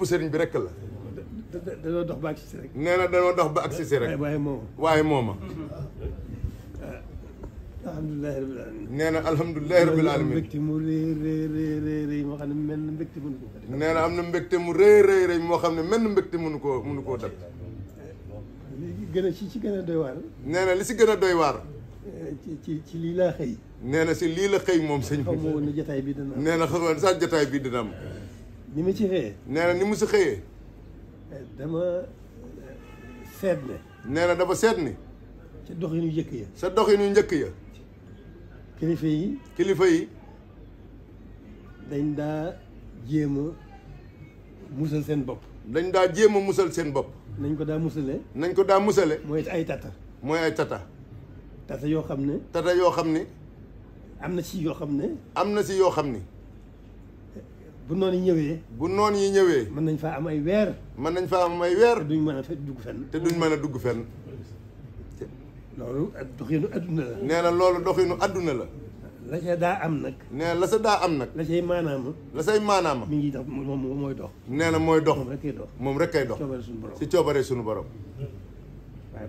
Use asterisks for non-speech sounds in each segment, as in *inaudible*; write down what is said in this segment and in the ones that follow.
lépp sëriñ bi rekk la. dañoo dox ba ak si rek. nee na dañoo dox ba ak si rek. waaye mooma waaye mooma. alhamdulilah rabil aalamiin. nee na alhamdulilah rabil aalamiin. mbégte mu rëy rëy rëy moo xam ne mel na mbégte mënu koo. nee na koo mënu koo dab. li gën a ci ci gën a doy waar. nee na li si gën a doy waar. Eh, ci ci ci lii laa xëy. nee na si lii la xëy moom sëñ bi. xaw ma woon ne jotaay bi dina ma ni mu ci xëyee. nee na ni mu si xëyee. dama eh, seet ne. nee na dafa seet ne. ca dox yi ñu njëkk ya. sa dox yi ñu njëkk ya. kilifa yi. kilifa yi. dañ daa jéem a musal seen bopp. dañ daa jéem a musal seen bopp. nañ ko daa musale. nañ ko daa musale. mooy ay tata. mooy ay tata. tata yoo xam ne. tata yoo xam ne. am na si yoo xam ne. am na si yoo xam ne. bu noonu yi ñëwee. bu noon yi ñëwee. mën nañ faa am ay weer. mën nañ fa am ay weer. te duñ mën a dugg fenn. te duñ mën a dugg fenn. loolu doxinu adduna la. nee na loolu doxinu adduna la. la ca daa am nag. nee la sa daa am nag. la say maanaam. la say maanaam. mi ngi dox moom mooy dox. nee mooy dox. moom rek kay dox moom rek kay dox. coobare suñu borom si suñu borom. waaw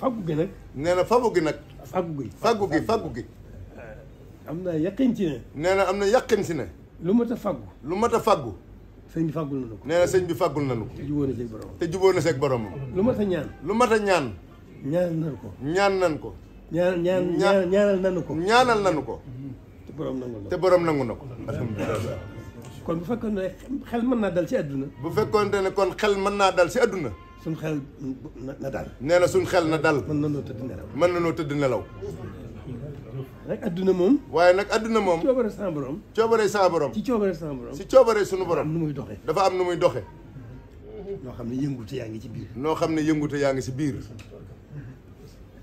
faggu gi nag. nee na faggu gi nag. faggu gi faggu gi faggu gi. am na yaqin ci ne. nee na am na yaqin ci ne. lu mat a faggu. lu mat a fàggu sëñ bi faggul nañu ko. nee na sëñ bi faggul nañu ko. te jubóo na seeg boromam. te jubóo na seeg boromam. lu mat a ñaan. lu mat a ñaan. ñaan nañu ko. ñaan nañu ko. ñaan ñaan ñaan ñaanal nañu ko. ñaanal nañu ko. te borom nangu na ko te borom nangu na ko. alhamdulilah. kon bu fekkoon ne xel mën naa dal ci àdduna. bu fekkoon ne kon xel mën naa dal si àdduna. suñ xel na dal. nee na suñ xel na dal. mën na mën na noo tëdd nelaw. nag adduna moom. waaye nag adduna moom. coobare saa borom. coobare saa borom. ci coobare saa borom. si coobare sunu borom. dafa am nu muy doxee. dafa am nu muy doxee. noo xam ne yëngute yaa ngi ci biir. noo xam ne yëngute yaa ngi si biir.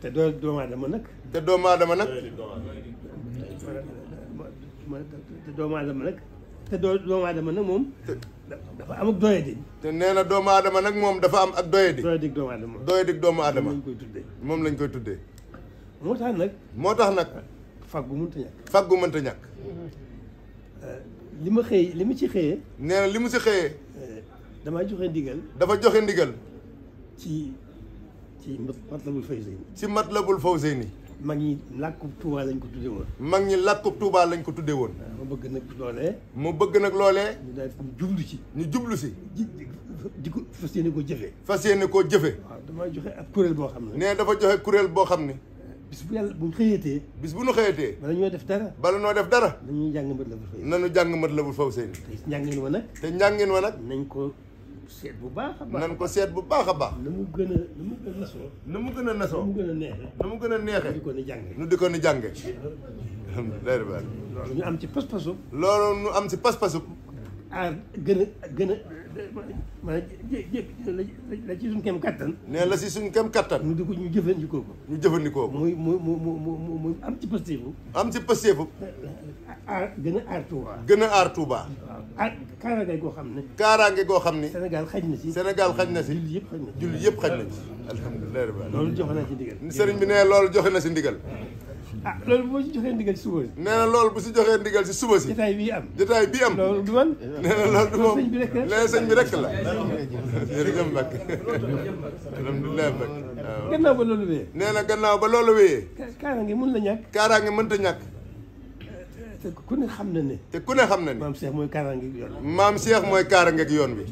te doo doomu aadama nag. te doomu aadama nag. te doomu aadama nag. te doo doomu aadama nag moom. dafa am ak doyadi. te nee na doomu aadama nag moom dafa am ak doyadi. doyadig doomu aadama doyadig doomu aadama. moom lañ koy tuddee. moom lañ koy tuddee. moo tax nag. moo tax nag. faggu mënta ñàkk. faggu mënta ñàkk. Eh, li ma xëy li ma ci xëyee. nee li ma si xëyee. Eh, damaa joxe ndigal. dafa joxe ndigal. ci ci matlabul fawzeyni. ci matlabul fawzeyni. mag ñi làkkub Touba lañ ko tuddee woon. mag ñi làkkub tuubaal lañ ko tuddee woon. Eh, mu bëgg nag loole mu bëgg nag loole ñu daal ñu jublu ci. ñu jublu si. di ko fas yéene koo jëfee. fas yéene koo jëfe waaw damay joxe ak kuréel boo xam ne. nee dafa joxe kuréel boo xam ne. bis bu yàlla bu ñu xëyatee bis bu ñu xëyatee bala ñoo def dara bala ñoo def dara nañu jàng mat la bul faw nañu jàng mat la bul faw seen te njàngin wa nag te njàngin wa nag nañ ko seet bu baax a baax nañ ko seet bu baax a baax na mu gën a na mu gën a nasoo na mu gën a nasoo na mu gën a neexe na mu gën a neexe di ko ni jànge nu di ko ni jànge alhamdulilah loolu ñu am ci pas-pasu loolu ñu am ci pas-pasu aar ah, gën a gën a maanaam la ci suñ kem kattan. nee la si suñ kem kattan. mu di ko ñu jëfandikoo ko. ñu jëfandikoo ko. muy muy muy muy muy am ci pasteefu. am si pasteefu. aar gën a aar Touba. gën a aar Touba. waaw aar ah, kaaraange goo xam ne. kaaraange goo xam ne. Sénégal xaj na si. senegal xaj na si. jullit yëpp xaj na si jullit yëpp xaj na si. alhamdulilah. loolu joxe na si ndigal. sëriñ bi nee loolu joxe na si ndigal. ah loolu boo si joxee ndigal si suba si. nee na loolu bu si joxee ndigal si suba si. jotaay bii am jotaay bii am. loolu du man. nee na loolu du moom sëñ bi rek la nee sëñ bi rek la. jërëjëf Mbacke. alhamdulilah Mbacke waaw. gannaaw ba loolu wéyee. nee na gannaaw ba loolu wéyee. mën la ñàkk. kaaraange ku ne xam na ne. te ku ne xam na ne. maam Cheikh mooy kaaraange ak yoon bi. maam Cheikh yoon bi.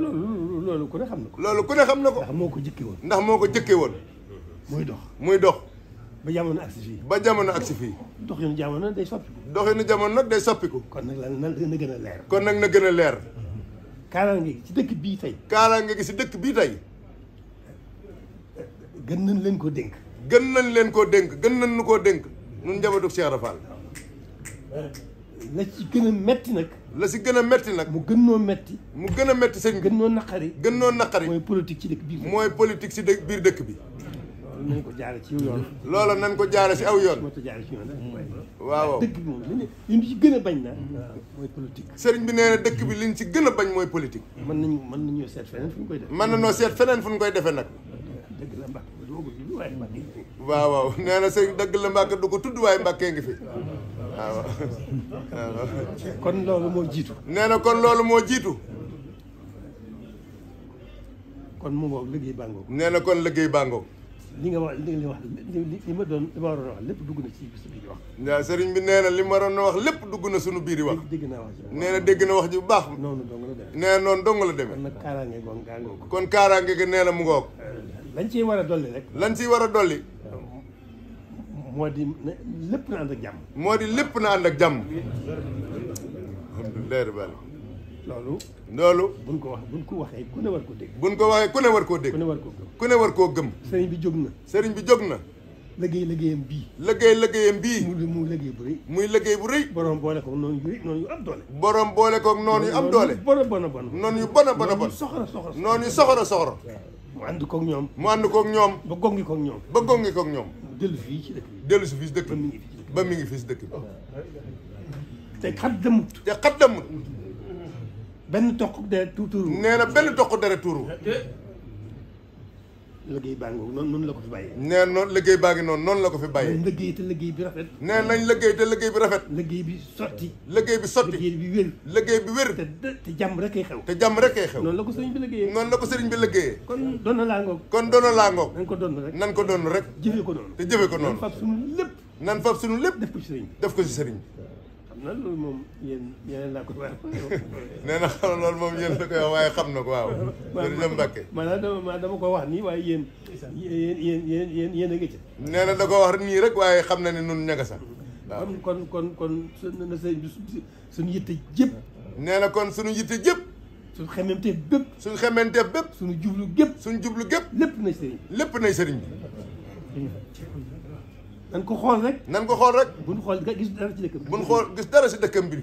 loolu loolu ku ne xam na ko. loolu ku ne xam na ko. ndax moo ko jëkkee woon. ndax moo ko jëkkee woon. muy dox muy dox. ba jamono agsi fii ba jamono agsi fii doxinu jamono day soppiku doxinu jamono nag day soppiku kon nag lan na gën a leer kon nag na gën a leer kaaraange gi ci dëkk bii tey kaaraange gi si dëkk bii tey gën nañ leen koo dénk gën nañ leen koo dénk gën nañ nu koo dénk nun njabootu Cheikh Rafal la ci gën a metti nag la si gën a metti nag mu gën noo metti mu gën a metti sëñ gën noo naqari gën noo naqari mooy politique ci dëkk biir mooy politique si dëkk biir dëkk bi nañ ko jaare ci yoon. loola nañ ko jaare si aw yoon. moo tax jaare ci yoon waaw waaw dëkk bi moom li ñu ci gën a bañ na mooy politique. sëriñ bi nee na dëkk bi li ñu ci gën a bañ mooy politique. mën nañu mën nañoo seet feneen fu ñu koy defee. mën nañoo seet feneen fu ñu koy defee nag. dëgg la Mbacke du ko tudd waaw waaw nee sëriñ dëgg la Mbacke du ko tudd waaye Mbacke ngi fi. kon loolu moo jiitu. nee na kon loolu moo jiitu. kon mu ngoog liggéey bàngoog. nee na kon liggéey bàngoo li nga wax li ma doon li ma waroon wax lépp dugg na ci biir yi wax. waaw sëriñ bi nee na li ma waroon a wax lépp dugg na sunu biir yi wax. dégg wax nee na dégg na wax ji bu baax. noonu dong la demee nee noonu dong la demee. kon nag kaaraange goon gaa ngoog. kon kaaraange gi nee na mu ngoog. lañ ciy war a dolli rek. lañ ciy war a dolli. moo di lépp na ànd ak jàmm. moo di lépp na ànd ak jàmm. alhamdulilah. loolu. loolu. buñ ko wax buñ ko waxee ku ne war koo dégg. buñ ko waxee ku ne war koo dégg. ku ne war koo gëm. ku ne war koo gëm. sëriñ bi jóg na. sëriñ bi jóg na. liggéey liggéeyam bii. liggéey liggéeyam bii. muy muy liggéey bu rëy. muy liggéey bu rëy. borom boole koog noonu yu noonu am doole. borom boole koog noonu yu am doole. noonu yu bon a bon a bon. noonu yu bon a bon a bon. noonu yu soxora soxora. mu ànd koog ñoom. mu ànd koog ñoom. ba gongi koog ñoom. ba gongi koog ñoom. dellu fii ci dëkk si fii si dëkk bi ba mi ngi fii si dëkk bi. te xat damut. te xat damut. benn toq deret tuuru. nee na benn toq deret tuuru. liggéey baa ngi noonu noonu la ko fi bàyyi. nee noonu liggéey baa noonu la ko fi bàyyi. nañ liggéey te liggéey bi rafet. nee nañ liggéey te liggéey bi rafet. bi sotti. liggéey bi sotti liggéey bi wér. liggéey bi wér. te te jàmm rek ay xew. te jàmm rek ay xew. noonu la ko sëriñ bi liggéeyee. noonu la ko sëriñ bi liggéeyee. kon doon laa ngoog. kon doon laa ngoog. nañ ko doon rek nañ ko doon rek. jëfee ko noonu te jëfee ko noonu. nan fab sunu lépp. nan fab sunu lépp. def ko ci sëriñ def ko ci sëriñ nag loolu moom yéen yéen laa na xam loolu moom yéen la waaye xam na ko waaw. jërëjëf Mbacke. maanaam dama dama ko wax nii waaye yéen. yéen yéen yéen yéen yéen a ngi nee na da ko wax nii rek waaye xam na ne nun ña nga sax. waaw kon kon kon na sëñ bi suñu yitte jëpp. nee na kon suñu yitte jëpp. suñu xementeef bépp. suñu xementeef bépp. suñu jublu gépp. suñu jublu gépp. lépp nay sëriñ lépp nay sëriñ bi. nan ko xool rek. nan ko xool rek. buñ xool gis dara ci dëkkam bi. buñ xool gis dara ci bi.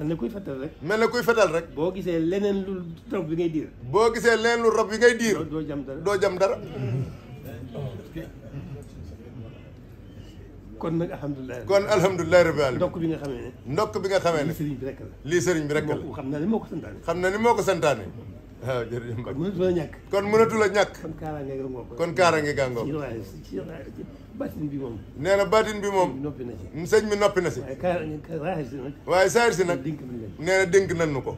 mel na kuy fetal rek. mel na kuy fetal rek. boo gisee leneen lu rab bi ngay diir. boo gisee leneen lu rab bi ngay diir. doo jam dara doo jam dara. kon nag alhamdulilah. kon alhamdulilah rabbil alamin. ndokk bi nga xamee ne. ndokk bi nga xamee ne. lii sëriñ bi rek la. lii sëriñ xam na ni moo ko santaane. xam na ni moo ko santaane. waaw ah, jërëjëf Mbacke kon mënatu la ñàkk. kon mënatu la ñàkk. kon kaaraange gàngoo kon kaaraange gàngoo. ci baatin bi moom. nee na baatin bi moom. noppi na ci sëñ bi noppi na si. waaye kaaraange si nag. waaye saahir si nag. dénk nañ nee na dénk nañ nu ko.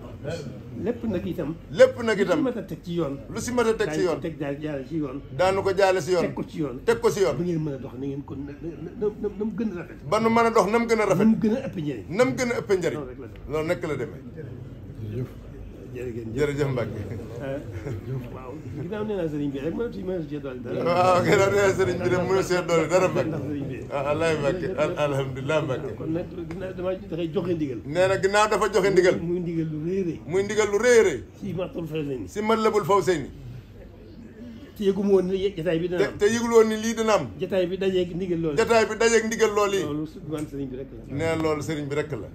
lépp nag itam. lépp nag itam lu si mat a teg ci yoon. lu si mat a teg ci yoon teg jaale si yoon. daanu ko jaale si yoon. teg ko ci yoon teg ko si yoon. ba ngeen mën a dox na ngeen ko na na mu gën a rafet. ba nu mën a dox na mu gën a rafet. na mu gën a ëpp njëriñ. na mu gën a ëpp njëriñ. loolu rek la demee jërëjëf jërëjëf Mbacke. waaw ginnaaw nee naa sëriñ bi rek mënatu si mënatu see dolli dara. waaw ginnaaw nee naa sëriñ bi rek mënatu see dolli dara Mbacke. alaay ah, Mbacke alhamdulilah Mbacke. kon nag ginnaaw dama dafay joxe ndigal. nee na ginnaaw dafa joxe ndigal. muy ndigal lu rëy rëy. muy ndigal lu rëy rëy. si matlabul faw seyni. si matlabul faw seyni. te yëgul woon ni jataay bi dana am te yëgul woon ni lii dana am. jataay bi dajeeg ndigal lool. jataay bi dajeeg ndigal lool yi. loolu sëriñ bi rek la. nee loolu sëriñ bi rek la.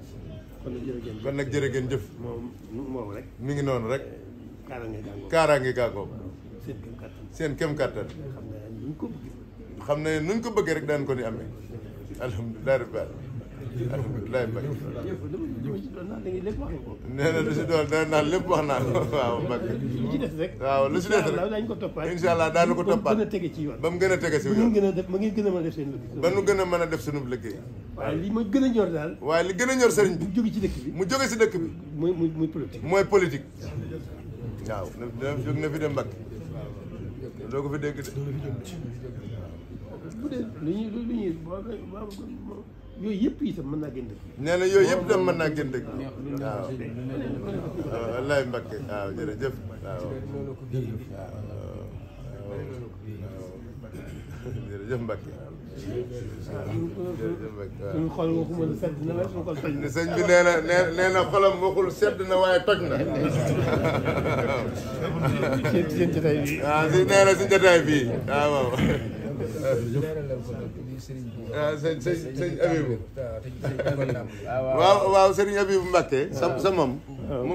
kon nag jërë ngeen jëf kon nag jërë ngeen jëf. moom moom rek. mi ngi noonu rek. kaaraange gàggoog kaaraange gàggoog. seen kem kattan seen kem kattan. xam ne nu ko bëggee. xam ne nu ko bëggee rek daan ko ni amee. alhamdulilah rabbil alhamdulilah Mbacke. nee na lu si doon nee naan lépp wax naa waaw Mbacke. lu ci des rek. waaw lu si des rek daañu ko toppaat incha allah ko toppaat. ba mu gën a tege ci ba mu gën a tege ci ba ngeen gën a mën a def seen liggéey. ba nu gën a mën a def sunu liggéey. waaye li ma gën a ñor daal. waaye li gën a ñor sëriñ bi. mu jóge ci bi mu jóge si dëkk bi. mooy mooy politique. mooy politique. waaw. jóg na fi dem Mbacke. doo ko fi dégg de. yëpp lu ñuy lu ñuy ba yooyu yëpp itam mën naa gën dëkk bi. nee na yooyu yëpp itam mën naa gën dëkk bi. waaw waaw wallaay Mbacke waaw jërëjëf waaw. xol waxuma sedd na waaye suñu xol na. si nee na sëñ waaw waaw sëriñ Abibu Mbàkke sa sa moom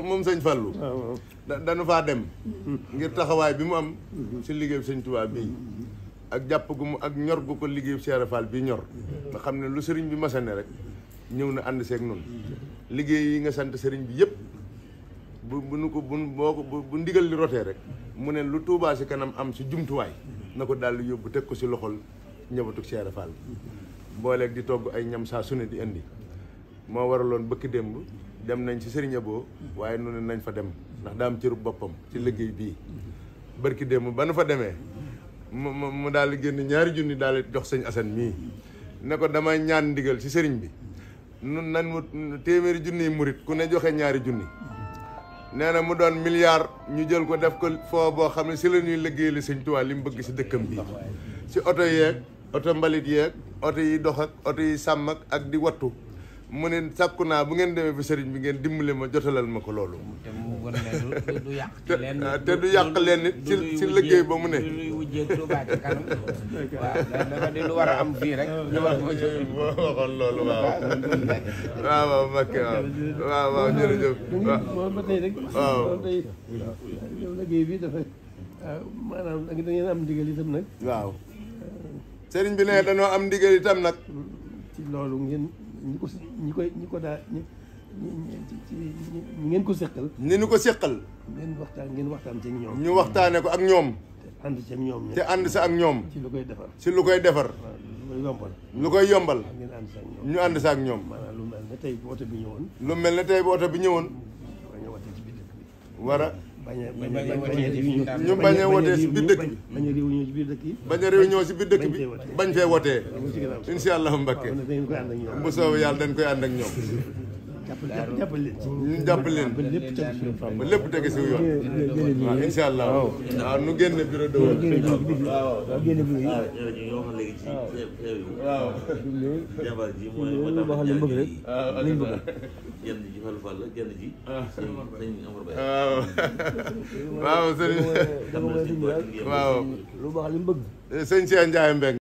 moom sëñ Fallu dañu faa dem ngir taxawaay bi mu am si liggéey sëñ Tuubaa bii ak jàpp gu mu ak ñor gu ko liggéey Cheikh Fall bi ñor nga xam ne lu sëriñ bi masane rek ñëw na ànd seek nun liggéey yi nga sant sëriñ bi yëpp bu bu nu ko bu boo ko bu ndigal li rotee rek mu ne lu Tuubaa si kanam am si jumtuwaay na ko daal yóbbu teg ko si loxol njabootu Cheikh Fall mbooleeg di togg ay ñam saa su di indi moo waraloon bëkk démb dem nañ ci Serigne Abo waaye noonu nañ fa dem ndax daa am cëru boppam ci liggéey bii bërki démb ba nu fa demee mu mu daal di génn ñaari junni daal jox sëñ Assane mii ne ko damay ñaan ndigal ci sëriñ bi nun nan mu téeméeri junni murit ku ne joxe ñaari junni nee na mu doon milliard ñu jël ko def ko foo boo xam ne si la ñuy liggéey li sëñ li mu bëgg si dëkkam bi si oto yeeg oto mbalit yeeg oto yi dox ak oto yi sàmm ak di wattu mu ne sàkku naa bu ngeen demee fi sëriñ bi ngeen dimbale ma jotalal ma ko loolu. te yàq ci liggéey ba mu *laughs* waaw am fii rek. ñu *laughs* waaw. waaw waaw waaw. waaw waaw jërëjëf. waaw ba bi dafa ah, maanaam da ngeen am ndigal itam nag. waaw. sëriñ bi ne dañoo am ndigal itam nag. ñi ko ñi koy ñi ko daa ñi ñi ngeen ko seqal. ni ñu ko seqal. ngeen waxtaan ngeen waxtaan ci ñoom. ñu waxtaanee ko ak ñoom. te ànd ci ak ñoom. ànd sa ak ñoom. ci lu koy defar. ci lu koy defar. lu koy yombal. lu koy yombal. ñu ànd sa ak ñoom. maanaam lu mel na tey bu oto bi ñëwoon. lu mel ne tey bu oto bi ñëwoon. war a. bañ a bañ a ñu bañ a wotee si bi bañ a réunion dëkk yi bañ a réunion si biir dëkk bi bañ fee wotee insha allahu mbakke bu soobee yàlla dañ koy ànd ak ñoom jàppale leen ñu jàppale leen ba lépp tege si yoon waaw incha allah waaw nu génne bureau de waaw génne sëñ Fallou Fall la genn ji. Ah. sëñ Amar Baye. waaw waaw sëñ. waaw lu baax li mu bëgg. sëñ Cheikh Ndiaye Mbeng